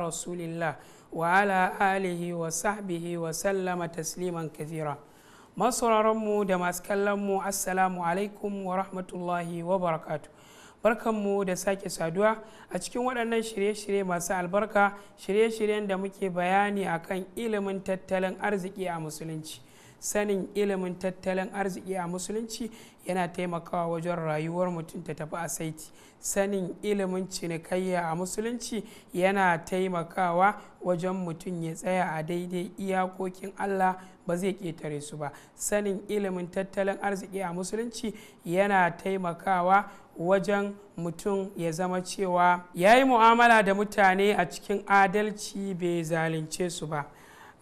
rasulillah wa ala alihi wa sahbihi wa sallama tasliman kathira كثيرا mu da masu kallon mu assalamu alaikum wa rahmatullahi wa barakatu barkanmu da sake saduwa a cikin waɗannan shirye-shirye masu albarka shirye-shiryen da muke bayani akan ilimin tattalin arziki a musulunci sanin ilimin tattalin arziki a musulunci yana taimakawa wajen rayuwar mutum ta tafi a saiti sanin ilimin cinikayya a musulunci yana taimakawa wajen mutum ya tsaya a daidai iyakokin allah ba zai ƙetare su ba sanin ilimin tattalin arziki a musulunci yana taimakawa wajen mutum ya zama cewa ya yi mu'amala da mutane a cikin adalci bai zalunce su ba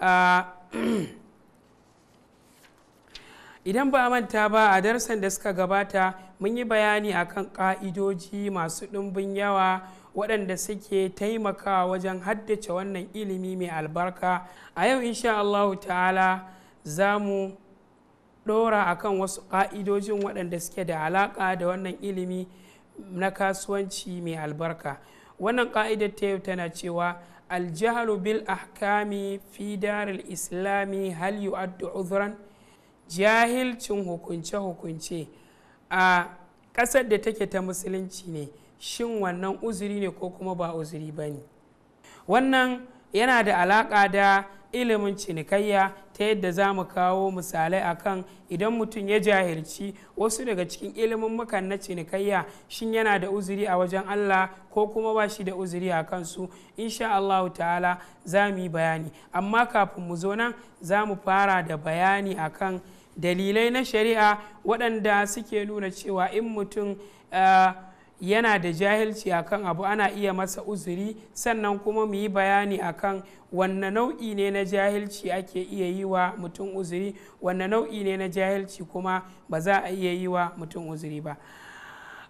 ah, idan ba manta ba a darsan da suka gabata mun yi bayani akan ka'idoji masu ɗumbin yawa waɗanda suke taimakawa wajen haddace wannan ilimi mai albarka a yau insha Allahu ta'ala za mu ɗora akan wasu ka'idojin waɗanda suke da alaƙa da wannan ilimi na kasuwanci mai albarka wannan ƙa'idar ta yau tana cewa aljahalu bil ahkami fi daril islami hal yu'addu udhran jahilcin hukunce-hukunce a ƙasar da take ta musulunci ne shin wannan uzuri ne ko kuma ba uzuri ba ne wannan yana da alaƙa da ilimin cinikayya ta yadda za mu kawo misalai akan idan mutum ya jahilci wasu daga cikin ilimin mukan na cinikayya shin yana da uzuri a wajen Allah ko kuma ba shi da uzuri a kansu insha Allah ta'ala za mu yi bayani amma kafin mu zo nan za mu fara da bayani akan dalilai na shari'a waɗanda suke nuna cewa in mutum yana da jahilci akan abu ana iya masa uzuri sannan kuma mu yi bayani akan wanne nau'i ne na jahilci ake iya yi wa mutum uzuri wanne nau'i ne na jahilci kuma ba za a iya yi wa mutum uzuri ba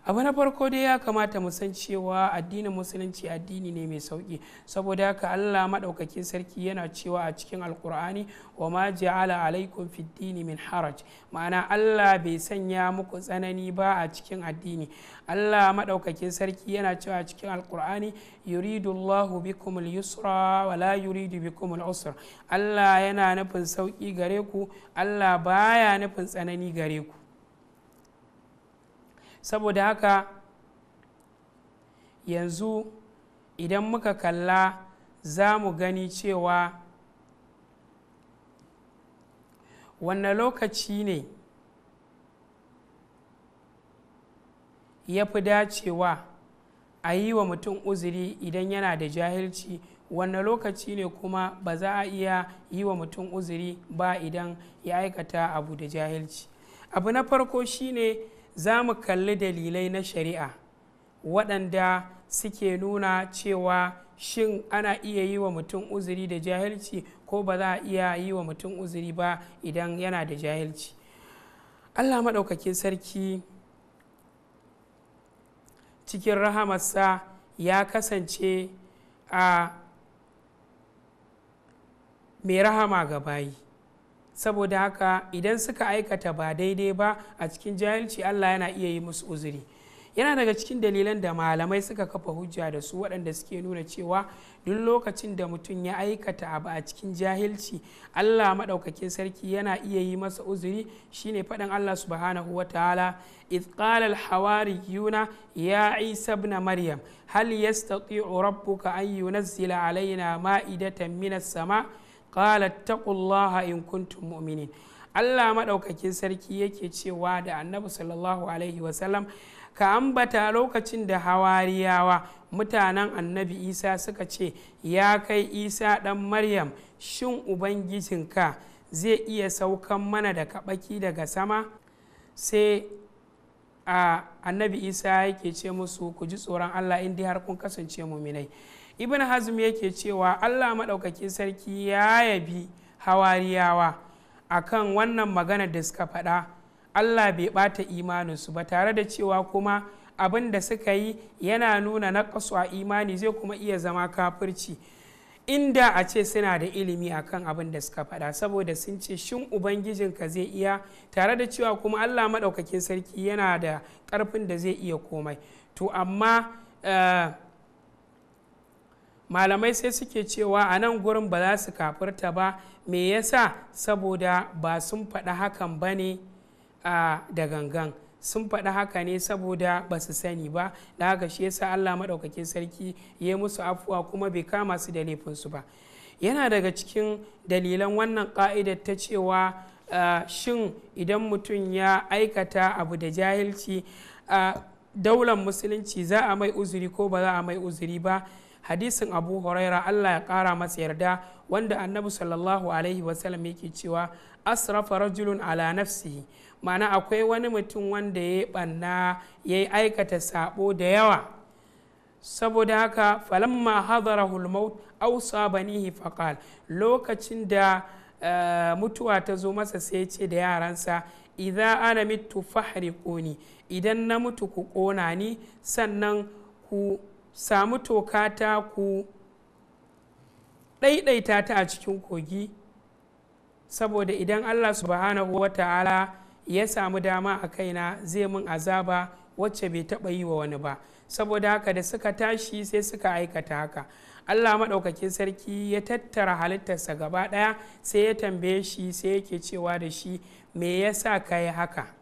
abu na farko dai ya kamata mu san cewa addinin musulunci addini ne mai sauki saboda haka allah maɗaukakin sarki yana cewa a cikin alkur'ani wa ma ja'ala alaikum fiddini dini min haraj ma'ana allah bai sanya muku tsanani ba a cikin addini allah maɗaukakin sarki yana cewa a cikin alkur'ani yuridu allahu bikum yusra wa la yuridu bikum usr allah yana nufin sauki gare ku allah baya nufin tsanani gare ku saboda haka yanzu idan muka kalla za mu gani cewa wanne lokaci ne ya fi dacewa a yi wa mutum uzuri idan yana da jahilci wanne lokaci ne kuma ba za a iya yi wa mutum uzuri ba idan ya aikata abu da jahilci abu na farko shine ne za mu kalli dalilai na shari'a waɗanda suke nuna cewa shin ana iya yi wa mutum uzuri da jahilci ko ba za a iya yi wa mutum uzuri ba idan yana da jahilci allah maɗaukakin sarki cikin rahamarsa ya kasance a mai rahama ga bayi saboda haka idan suka aikata ba daidai ba a cikin jahilci allah yana iya yi musu uzuri yana daga cikin dalilan da malamai suka kafa hujja da su waɗanda suke nuna cewa duk lokacin da mutum ya aikata abu a cikin jahilci allah maɗaukakin sarki yana iya yi masa uzuri shine faɗin allah subhanahu wa ta'ala hawa hawariyuna ya isa ibn maryam hal yastati'u rabbuka an yunazzila alaina ma'idatan minas sama' qala in kuntu mumini Allah maɗaukakin sarki yake cewa da annabi sallallahu alaihi wasallam ka ambata lokacin da hawariyawa mutanen annabi isa suka ce ya kai isa ɗan maryam shin ubangijinka zai iya saukan mana da kaɓaki daga sama sai a annabi isa yake ce musu ku ji tsoron allah in har kun kasance muminai ibn hazm yake cewa allah maɗaukakin sarki ya yabi hawariyawa akan wannan magana da suka faɗa allah bai ɓata imaninsu ba tare da cewa kuma abin da suka yi yana nuna na a imani zai kuma iya zama kafirci inda a ce suna da ilimi akan abin da suka faɗa saboda sun ce shin ubangijinka zai iya tare da cewa kuma allah maɗaukakin sarki yana da ƙarfin da zai iya komai to amma eh, malamai sai suke cewa a nan gurin ba za su kafirta ba me yasa saboda ba sun faɗi hakan ba ne da gangan sun faɗi haka ne saboda ba su sani ba da haka shi yasa allah maɗaukakin sarki ya yi musu afuwa kuma bai kama su da laifinsu ba yana daga cikin dalilan wannan ƙa'idar ta cewa shin idan mutum ya aikata abu da jahilci a daular musulunci za a mai uzuri ko ba za a mai uzuri ba hadisin abu huraira allah ya kara masa yarda wanda annabi sallallahu alaihi wasallam yake cewa asrafa rajulun ala nafsihi ma'ana akwai wani mutum wanda ya banna ya aikata sabo da yawa saboda haka falamma hadarahu al au sabanihi banihi faqal lokacin da eh, mutuwa ta zo masa sai ce da yaransa idan ana mitu fahari ƙoni idan na mutu ku ƙona ni sannan ku samu toka ta ku ɗaiɗaita ta a cikin kogi saboda idan allah subhanahu wa ta'ala ya samu dama a kaina zai mun azaba wacce bai taɓa yi wa wani ba saboda haka da suka tashi sai suka aikata haka allah maɗaukakin sarki ya tattara halittarsa gaba ɗaya sai ya tambaye shi sai yake cewa da shi me yasa ka yi haka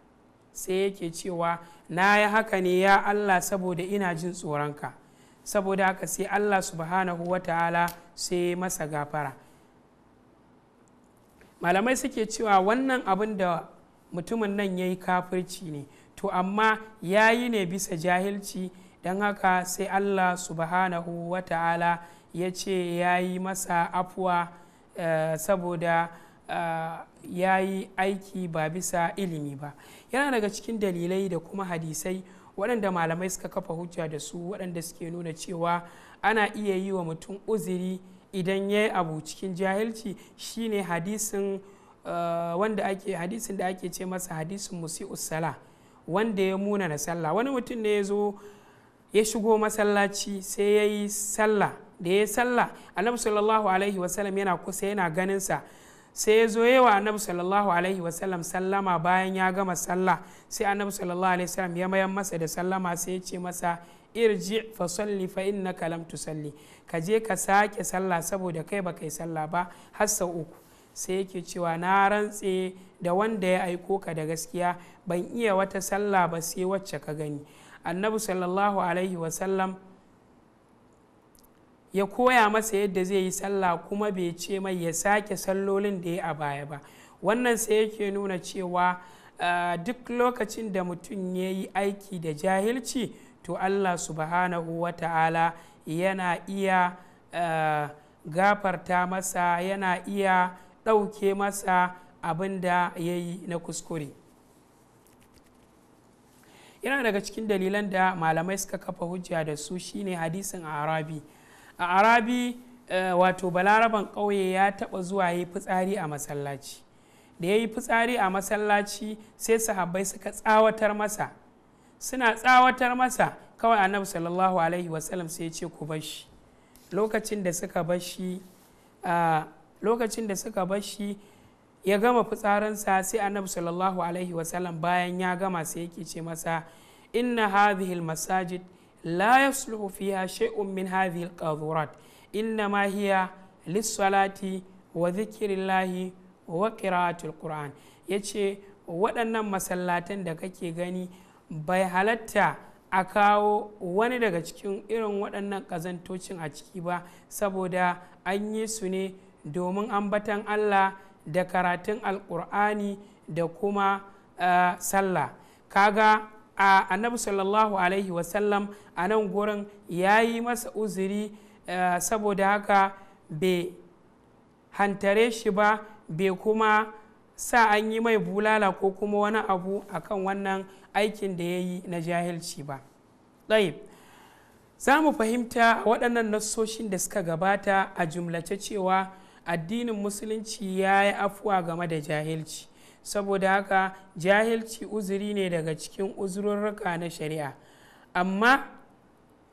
sai yake cewa na yi haka ne ya allah saboda ina jin tsoronka saboda haka sai allah subhanahu wa ta'ala sai masa gafara malamai suke cewa wannan abin da mutumin nan ya yi kafirci ne to amma ya yi ne bisa jahilci don haka sai allah subhanahu wa ta'ala ya ce ya yi masa afuwa eh, saboda uh, ya yi aiki ba bisa ilimi ba yana daga cikin dalilai da kuma hadisai waɗanda malamai suka kafa hujja da su waɗanda suke nuna cewa ana iya yi wa mutum uziri idan ya yi abu cikin jahilci shine hadisin eh, wanda ake hadisin da ake ce masa hadisin musi'us sala wanda ya muna na sallah wani mutum ne ya zo ya shigo masallaci sai ya yi sallah da ya yi sallah annabi sallallahu alaihi wasallam yana kusa yana ganin sa. sai ya zo yawa annabi sallallahu alaihi wasallam sallama bayan ya gama sallah sai annabi sallallahu alaihi wasallam ya mayan masa da sallama sai ya ce masa irji fa salli fa innaka lam tusalli ka je ka sake sallah saboda kai ba kai sallah ba har sau uku sai yake cewa na rantse da wanda ya aiko ka da gaskiya ban iya wata sallah ba sai wacce ka gani annabi sallallahu alaihi wasallam ya koya masa yadda zai yi sallah kuma bai ce mai ya sake sallolin da ya a baya ba wannan sai yake nuna cewa duk lokacin da mutum ya yi aiki da jahilci to allah subhanahu wa ta'ala yana iya gafarta masa yana iya ɗauke masa abin da ya yi na kuskure yana daga cikin dalilan da malamai suka kafa hujja da su shine hadisin arabi a arabi eh, wato balaraban ƙauye ya taɓa zuwa yi fitsari a masallaci da ya yi fitsari a masallaci sai sahabbai suka tsawatar masa suna tsawatar masa kawai annabi sallallahu alaihi wasallam sai ya ce ku bashi lokacin da suka bashi lokacin da suka bashi ya gama fitsarinsa sai annabi sallallahu alaihi wasallam bayan ya gama sai yake ce masa inna hadhihi masajid la yasluhu fiha shay'un min hadhihi al-qadhurat innama hiya wa dhikrillahi wa qira'atul qur'an yace waɗannan masallatan da kake gani bai halatta a kawo wani daga cikin irin waɗannan ƙazantocin a ciki ba saboda an yi su ne domin ambatan Allah da karatun alƙur'ani da kuma sallah kaga a annabi sallallahu alaihi wasallam a nan gurin ya yi masa uzuri eh, saboda haka bai hantare shi ba bai kuma sa an yi mai bulala ko kuma wani abu a kan wannan aikin da ya yi na jahilci ba za mu fahimta waɗannan nassoshin da suka gabata a jumlace cewa addinin musulunci ya yi afuwa game da jahilci saboda haka jahilci uzuri ne daga cikin uzururruka na shari'a amma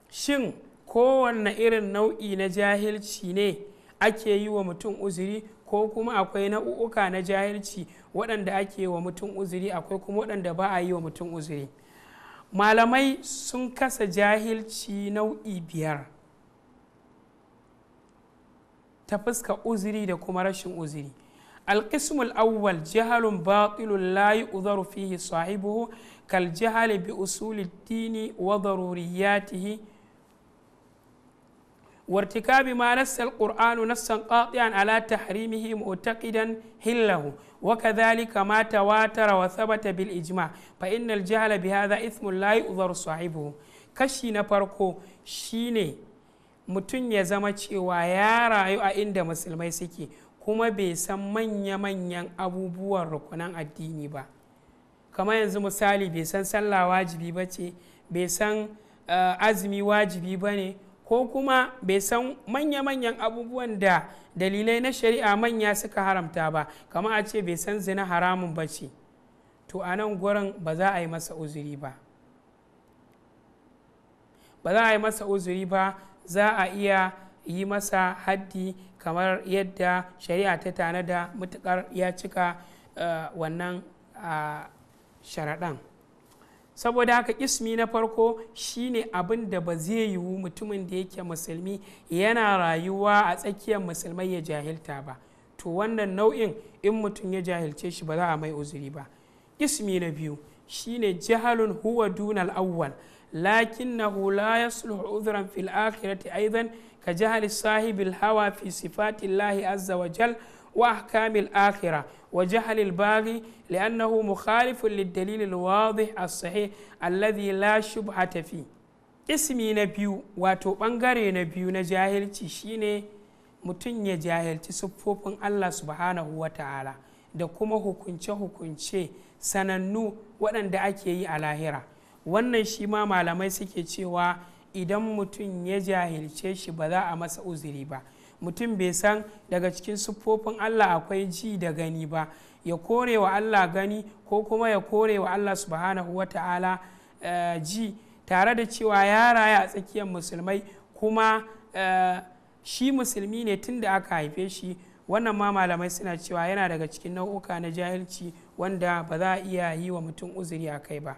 shin kowanne irin nau'i na jahilci ne ake yi wa mutum uzuri ko kuma akwai nau'uka na jahilci waɗanda ake wa mutum uzuri akwai kuma waɗanda ba a yi wa mutum uzuri malamai sun kasa jahilci nau'i biyar ta fuska uzuri da kuma rashin uzuri القسم الأول جهل باطل لا يؤذر فيه صاحبه كالجهل بأصول الدين وضرورياته وارتكاب ما نص القرآن نصا قاطعا على تحريمه معتقدا هله وكذلك ما تواتر وثبت بالإجماع فإن الجهل بهذا إثم لا يؤذر صاحبه كشي نفرقو شيني mutum ya zama cewa ya rayu a inda musulmai suke kuma bai san manya-manyan abubuwan rukunan addini ba kamar yanzu misali bai san sallah wajibi ba ce bai san eh, azumi wajibi ba ne ko kuma bai san manya-manyan abubuwan da dalilai na shari'a manya suka haramta ba kama a ce bai san zina haramun ba ce to a nan gurin ba za a yi masa uzuri ba ba za a yi masa uzuri ba za a iya yi masa haddi kamar yadda shari'a ta da mutukar ya cika eh, wannan sharaɗan saboda haka ismi na farko shine abin da ba zai yiwu mutumin da yake musulmi yana rayuwa a tsakiyar musulmai ya jahilta ba to wannan nau'in in mutum ya jahilce shi ba za a mai uzuri ba ismi na biyu shine jahalun huwa dunal awwal lakinnahu la yasluhu udhran fil akhirati aidan ka jihar sahibil hawa fi sifatillahi azza wa jal wa ahkamil akhira wa jahali bari baghi li'annahu mukhalifun mu khalifin al-wadih as-sahih alladhi la shubhata tafi. ismi na biyu wato bangare na biyu na jahilci shine mutum ya jahilci siffofin Allah subhanahu wa ta'ala da kuma hukunce-hukunce sanannu waɗanda ake yi a lahira wannan shi ma malamai suke cewa idan mutum ya jahilce shi ba za a masa uzuri ba mutum bai san daga cikin siffofin allah akwai ji da gani ba ya kore wa allah gani ko kuma ya kore wa allah subhanahu wa ta'ala eh, ji tare da cewa ya raya a tsakiyar musulmai kuma eh, shi musulmi ne tun da aka haife shi wannan ma malamai suna cewa yana daga cikin nau'uka na jahilci wanda ba za a iya yi wa mutum uzuri a kai ba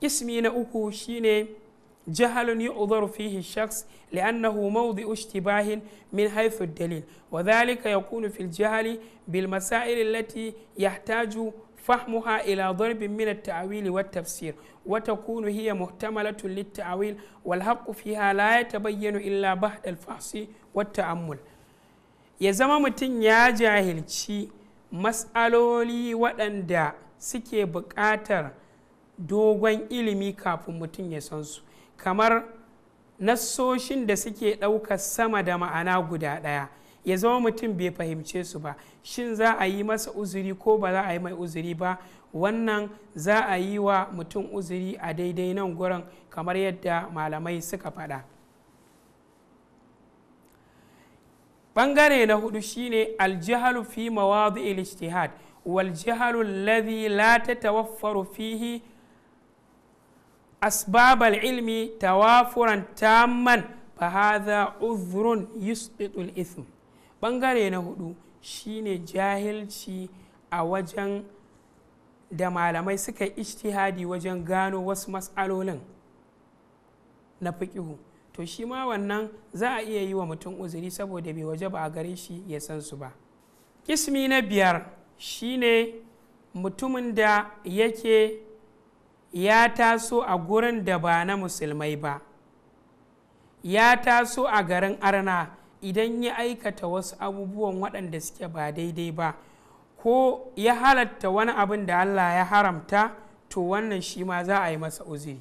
ismi na uku shine جهل يؤذر فيه الشخص لأنه موضع اشتباه من حيث الدليل وذلك يكون في الجهل بالمسائل التي يحتاج فهمها إلى ضرب من التعويل والتفسير وتكون هي محتملة للتعويل والحق فيها لا يتبين إلا بعد الفحص والتأمل ya zama mutum ya jahilci matsaloli waɗanda suke buƙatar dogon ilimi kafin mutum ya san su kamar nassoshin da suke ɗaukar sama da ma'ana guda ɗaya ya zama mutum bai fahimce su ba shin za a yi masa uzuri ko ba za a yi mai uzuri ba wannan za a yi wa mutum uzuri a daidai nan gurin kamar yadda malamai suka faɗa ɓangare na hudu shine aljihalu fi mawadu ijtihad wal jihalu la ta tawafar fihi asbabal ilmi tawafuran tamman fa hadha uzrun yusbitul ithm bangare na hudu shine jahilci a wajen da malamai suka yi ijtihadi wajen gano wasu matsalolin na fiƙihu to shi ma wannan za a iya yi wa mutum uzuri saboda bai waje ba a gare shi ya san su ba kismi na biyar shine mutumin da yake ya taso a gurin da ba na musulmai ba ya taso a garin arna idan ya aikata wasu abubuwan waɗanda suke ba daidai ba ko ya halatta wani abin da allah ya haramta to wannan shi ma za a yi masa uziri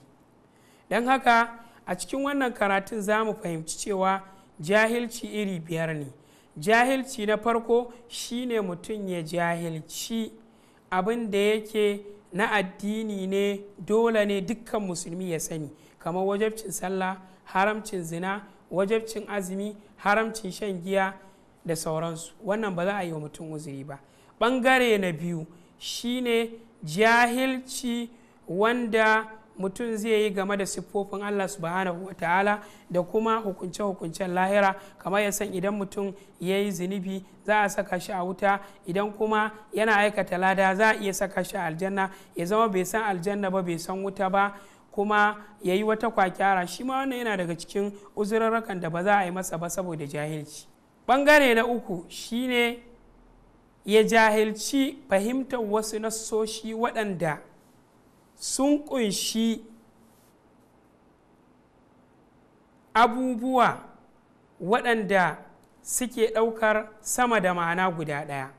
don haka a cikin wannan karatun za mu fahimci cewa jahilci iri biyar ne jahilci na farko shine mutum ya jahilci abin da yake na addini ne dole ne dukkan musulmi ya sani kamar wajabcin sallah haramcin zina wajabcin azumi haramcin shan giya da sauransu wannan ba za a yi wa mutum uzuri ba ɓangare na biyu shine jahilci wanda mutum zai yi game da siffofin Allah subhanahu wa ta'ala da kuma hukunce-hukuncen lahira kamar ya san idan mutum ya yi zunubi za a saka shi a wuta idan kuma yana aikata lada za a iya saka shi aljanna ya zama bai san aljanna ba bai san wuta ba kuma ya yi wata kwakyara shi ma wannan yana daga cikin uzurarrakan da ba za a yi masa ba saboda jahilci bangare na uku shine ya jahilci fahimtar wasu nassoshi waɗanda sun kunshi abubuwa waɗanda suke ɗaukar sama da ma'ana guda ɗaya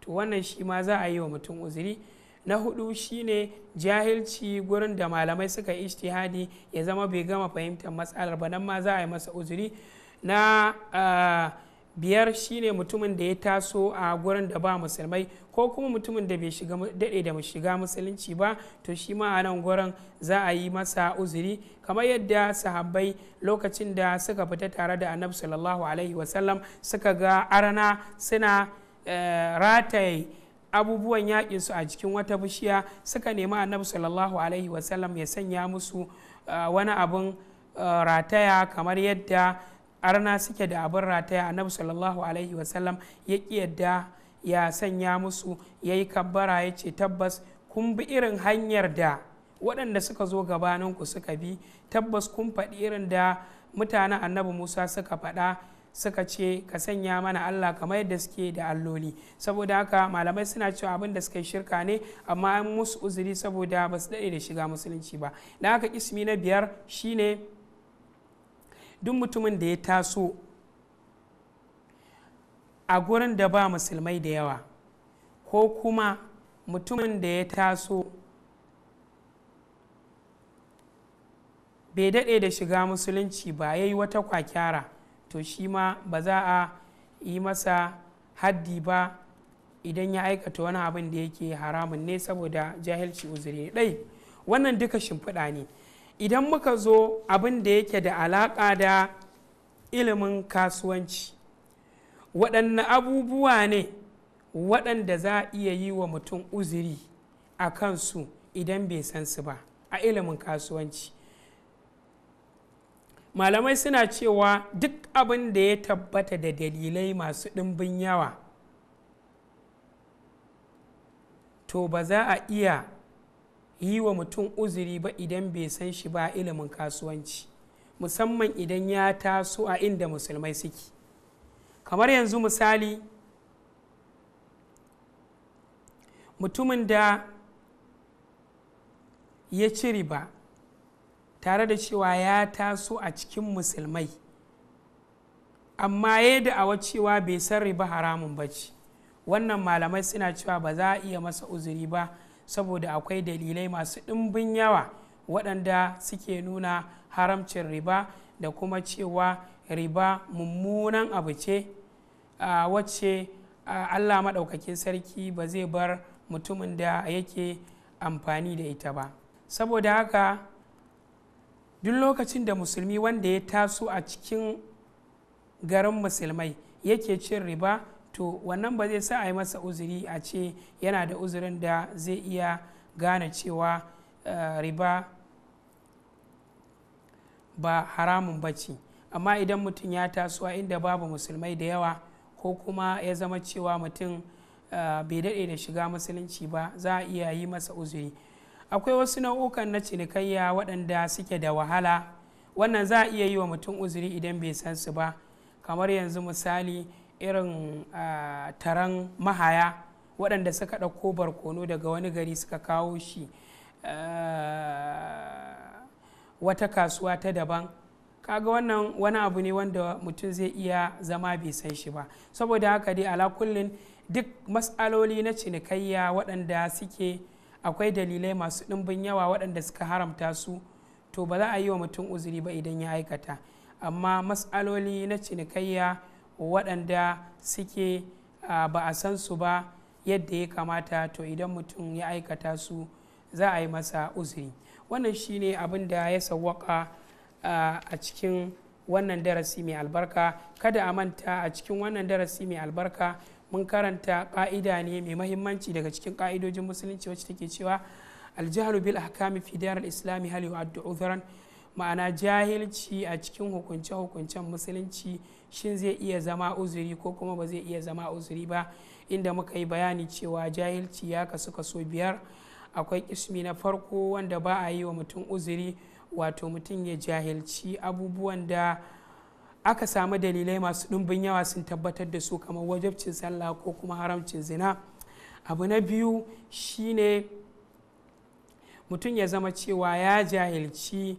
to wannan shi ma za a yi wa mutum uzuri na hudu shine jahilci gurin da malamai suka ishtihadi ya zama bai gama fahimtar matsalar ba nan ma za a yi masa uzuri na ah, biyar shine mutumin da ya taso a gurin da ba musulmai ko kuma mutumin da bai shiga daɗe da shiga musulunci ba to shi ma a nan gurin za a yi masa uzuri kamar yadda sahabbai lokacin da suka fita tare da annabi sallallahu alaihi wasallam suka ga arana suna eh, rataye abubuwan yaƙin su a cikin wata bishiya suka nemi annabi sallallahu alaihi wasallam ya sanya musu eh, wani abin eh, rataya kamar yadda arna suke da abin rataya annabi sallallahu alaihi wasallam ya yadda ya sanya musu ya yi kabbara ya ce tabbas kun bi irin hanyar da waɗanda suka zo gabaninku suka bi tabbas kun faɗi irin da mutanen annabi musa suka faɗa suka ce ka sanya mana Allah kamar yadda suke da alloli saboda haka malamai suna cewa abin da suka shirka ne amma musu uzuri saboda ba su daɗe da shiga musulunci ba da haka ismi na biyar shine duk mutumin da ya taso a gurin da ba musulmai da yawa ko kuma mutumin da ya taso bai daɗe da shiga musulunci ba ya yi wata kwakyara to shi ma ba za a yi masa haddi ba idan ya aikata wani abin da yake haramun ne saboda jahilci uzuri ɗai wannan duka shimfiɗa ne idan muka zo abin da yake da alaƙa da ilimin kasuwanci waɗanne abubuwa ne waɗanda za a iya yi wa mutum uzuri a kansu idan bai san su ba a ilimin kasuwanci malamai suna cewa duk abin da ya tabbata da dalilai masu ɗimbin yawa to ba za a iya yi wa mutum uzuri ba idan bai san shi ba ilimin kasuwanci musamman idan ya taso a inda musulmai suke kamar yanzu misali mutumin da ya ci riba tare da cewa ya taso a cikin musulmai amma ya da'awa cewa bai san riba haramun ba ce wannan malamai suna cewa ba za a iya masa uzuri ba saboda akwai dalilai masu ɗimbin yawa waɗanda suke nuna haramcin riba da kuma cewa riba mummunan abu ce a wacce allah maɗaukakin sarki ba zai bar mutumin da yake amfani da ita ba saboda haka duk lokacin da musulmi wanda ya taso a cikin garin musulmai yake cin riba to wannan ba zai sa a yi masa uzuri a ce yana da uzurin da zai iya gane cewa eh, riba ba haramun bacci amma idan mutum ya taso inda babu musulmai da yawa ko kuma ya zama cewa mutum eh, bai daɗe da shiga musulunci ba za a iya yi masa uzuri akwai wasu nau'ukan na cinikayya waɗanda suke da wahala wannan za a iya yi wa mutum uzuri idan bai san su ba kamar yanzu misali irin taron mahaya waɗanda suka ɗauko barkono daga wani gari suka kawo shi wata kasuwa ta daban kaga wannan wani abu ne wanda mutum zai iya zama bai san shi ba saboda haka dai ala kullin duk matsaloli na cinikayya waɗanda suke akwai dalilai masu ɗimbin yawa waɗanda suka haramta su to ba za a yi wa mutum uzuri ba idan ya aikata amma matsaloli na cinikayya waɗanda suke ba a san su ba yadda ya kamata to idan mutum ya aikata su za a yi masa uzuri wannan shine abin da ya sawwaka a cikin wannan darasi mai albarka kada a manta a cikin wannan darasi mai albarka mun karanta ƙa'ida ne mai mahimmanci daga cikin ƙa'idojin musulunci wacce take cewa aljahalu bil ahkami fi islami hal yu'addu ma'ana jahilci a cikin hukunce-hukuncen musulunci shin zai iya zama uzuri ko kuma ba zai iya zama uzuri ba inda muka yi bayani cewa jahilci ya kasu kaso biyar akwai kismi na farko wanda ba a yi wa mutum uzuri wato mutum ya jahilci abubuwan da aka samu dalilai masu ɗumbin yawa sun tabbatar da su kamar wajabcin sallah ko kuma haramcin zina abu na biyu shine mutum ya zama cewa ya jahilci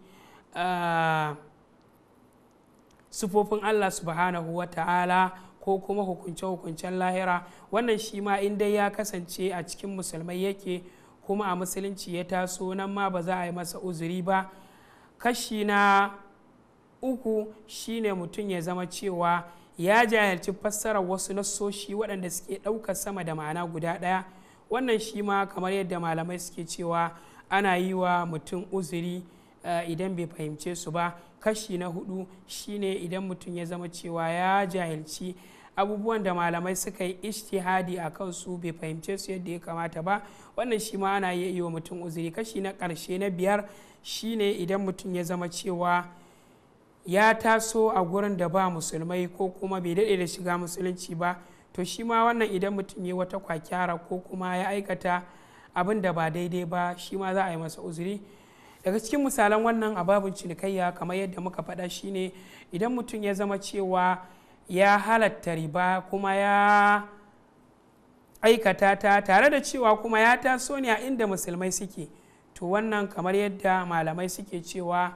sufofin Allah subhanahu wa ta'ala ko kuma hukunce-hukuncen lahira wannan shi ma in dai ya kasance a cikin musulmai yake kuma a musulunci ya taso nan ma ba za a yi masa uzuri ba kashi na uku shine mutum ya zama cewa ya jahilci fassarar wasu nassoshi waɗanda suke ɗaukar sama da ma'ana guda ɗaya wannan shi ma kamar yadda malamai suke cewa ana yi wa mutum uzuri Eh, idan bai fahimce su ba kashi na hudu shine idan mutum ya zama cewa ya jahilci abubuwan da malamai suka yi ishtihadi a kansu bai fahimce su yadda ya kamata ba wannan shi ma ana iya yi wa mutum uzuri kashi na karshe na biyar shine idan mutum ya zama cewa ya taso a gurin da ba musulmai ko kuma bai daɗe da shiga musulunci ba to shi ma wannan idan mutum ya wata kwakyara ko kuma ya aikata abin da ba daidai ba shi ma za a yi masa uzuri daga cikin misalan wannan a ababin cinikayya kamar yadda muka faɗa shine idan mutum ya zama cewa ya halatta riba kuma ya aikata ta tare da cewa kuma ya taso ne a inda musulmai suke to wannan kamar yadda malamai suke cewa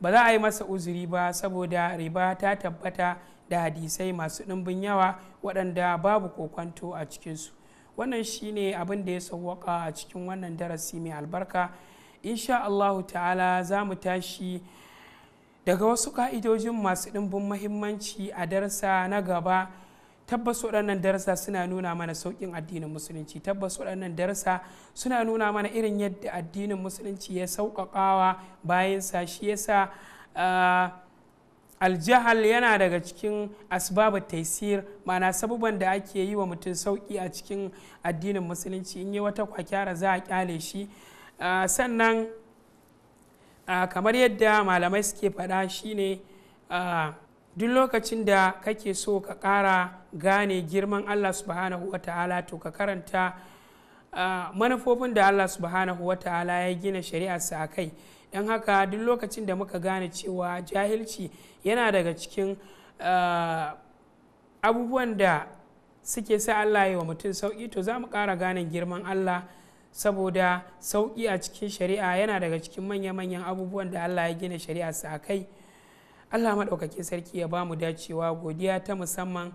ba za a yi masa uzuri ba saboda riba ta tabbata da hadisai masu ɗimbin yawa waɗanda babu kokwanto a cikinsu wannan shine abin da ya sauwaka a cikin wannan darasi mai albarka insha Allahu ta'ala za mu tashi daga wasu ka'idojin masu ɗimbin mahimmanci a darsa na gaba tabbas waɗannan darsa suna nuna mana sauƙin addinin musulunci tabbas waɗannan darsa suna nuna mana irin yadda addinin musulunci ya sauƙaƙawa bayansa shi yasa ah, aljahal yana daga cikin asbabu taisir mana sabuban da ake yi wa mutum sauƙi a cikin addinin musulunci in yi wata kwakyara za a ƙyale shi Ah, sannan ah, kamar yadda malamai suke faɗa shine ah, duk lokacin da kake so ka ƙara gane girman allah subhanahu wa ta'ala to ka karanta manufofin da allah subhanahu wa ta'ala ya gina shari'arsa a kai don haka duk lokacin da muka gane cewa jahilci yana daga cikin abubuwan da suke sa allah yi wa mutum sauki to za mu ƙara ganin girman allah saboda sauƙi a cikin shari'a yana daga cikin manya-manyan abubuwan da allah ya gina shari'a su a kai allah maɗaukakin sarki ya ba mu dacewa godiya ta musamman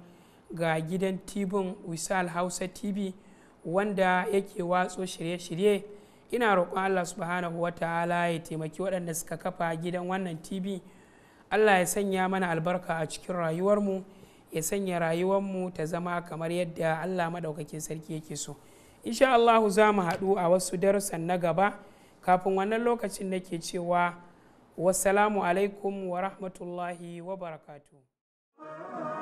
ga gidan tibin wisal hausa tv wanda yake watso shirye-shirye ina roƙon allah subhanahu wa ta'ala ya taimaki waɗanda suka kafa gidan wannan tv allah ya sanya mana albarka a cikin rayuwarmu ya sanya rayuwar mu ta zama kamar yadda allah maɗaukakin sarki yake so insha Allah za mu haɗu a wasu darussan na gaba kafin wannan lokacin nake cewa wasalamu alaikum wa rahmatullahi wa barakatuh